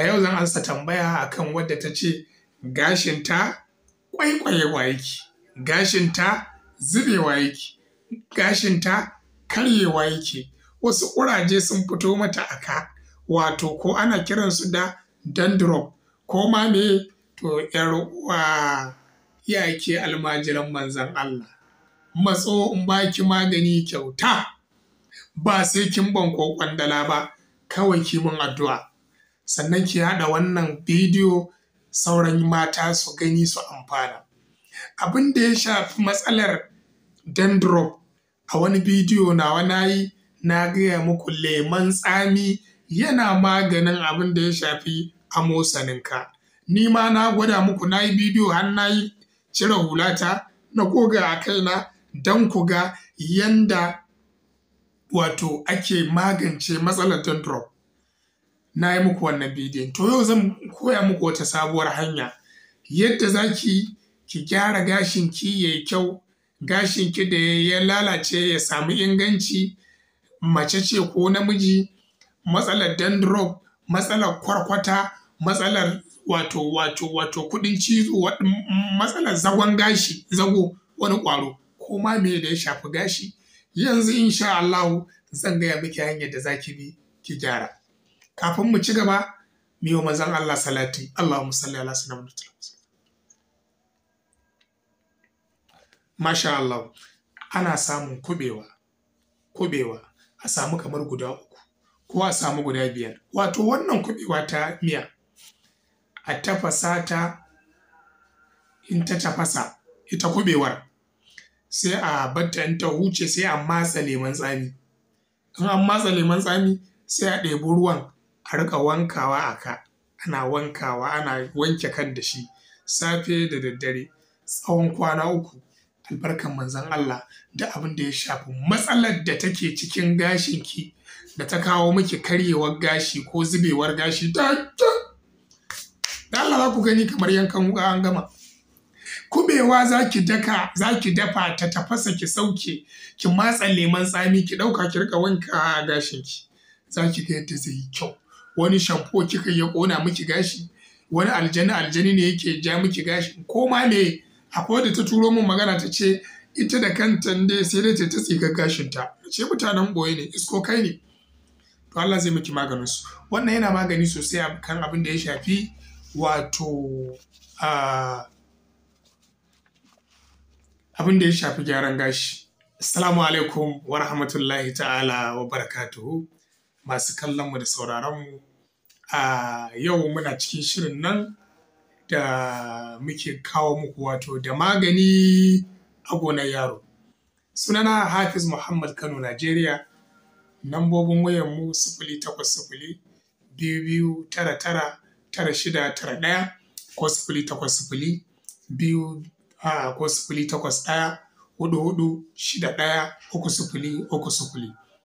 a yau zan ansa tambaya a akan wadda ta ce gashinta kwaikwayewa yake gashinta zubewa yake gashinta karyewa yake wasu ƙuraje sun fito mata a ka wato ko ana kiransu da dandrop ko ma me to yar uwa yake almajiran manzan Allah matso in baki magani kyauta ba sai kin ban ko kwandala ba kawai mun addu'a sannan ki haɗa wannan bidiyo sauran mata su gani su amfana. Abin da ya shafi matsalar dandrop a wani bidiyo nawa na yi na gaya muku lemon tsami yana maganin abin da ya shafi amosaninka. Ni ma na gwada muku na yi bidiyo har na yi cire hulata na goga a kaina don ku ga yanda wato ake magance matsalar dandrop na yi muku wannan bidiyon to yau zan koya muku wata sabuwar hanya yadda za ki ki gyara gashin ki yayi kyau gashin ki da ya lalace ya samu inganci mace ce ko namiji matsalar dandruff matsalar kwarkwata matsalar wato wato wato kudin cizo matsalar zagon gashi zago wani kwaro ko ma me da ya shafi gashi yanzu insha Allah zan gaya miki hanyar da zaki bi ki gyara kafin mu ci gaba mu yi manzon Allah salati Allahumma salli ala sayyidina Masha Allah ana samun kubewa kubewa a samu kamar guda uku ko a samu guda biyar wato wannan kubewa ta miya a tafasa ta in ta tafasa ita kubewar sai a batta in ta huce sai a matsa leman tsami in an matsa leman tsami sai a ɗebi ruwan a riƙa wankawa a ka ana wankawa ana wanke kan da shi safe da daddare tsawon kwana uku albarkan manzon Allah da abin da ya shafi matsalar da take cikin gashinki da ta kawo miki karyewar gashi ko zubewar gashi da Allah za ku gani kamar yankan wuka an gama kubewa za ki daka za dafa ta tafasa ki sauke ki matsa leman tsami ki ɗauka ki rika wanka gashinki za ki ga yadda zai yi kyau wani shampo kika ya ƙona miki gashi wani aljani aljani ne yake ja miki gashi ko ma ne akwai da ta turo min magana ta ce ita da kanta ne sai dai ta tsiga gashin ta ce mutanen boye ne isko kai ne to Allah zai miki maganin su wannan yana magani sosai kan abin da ya shafi wato abin da ya shafi gyaran gashi assalamu alaikum wa rahmatullahi ta'ala wa barakatuhu masu kallonmu da sauraronmu a yau muna cikin shirin nan da muke kawo muku wato da magani a gonar yaro sunana hafiz muhammad kano najeriya nambobin wayanmu sifili takwas sifili biyu biyu tara tara tara shida tara ɗaya ko sifili takwas sifili biyu ko sifili takwas ɗaya hudu hudu shida ɗaya uku sifili uku sifili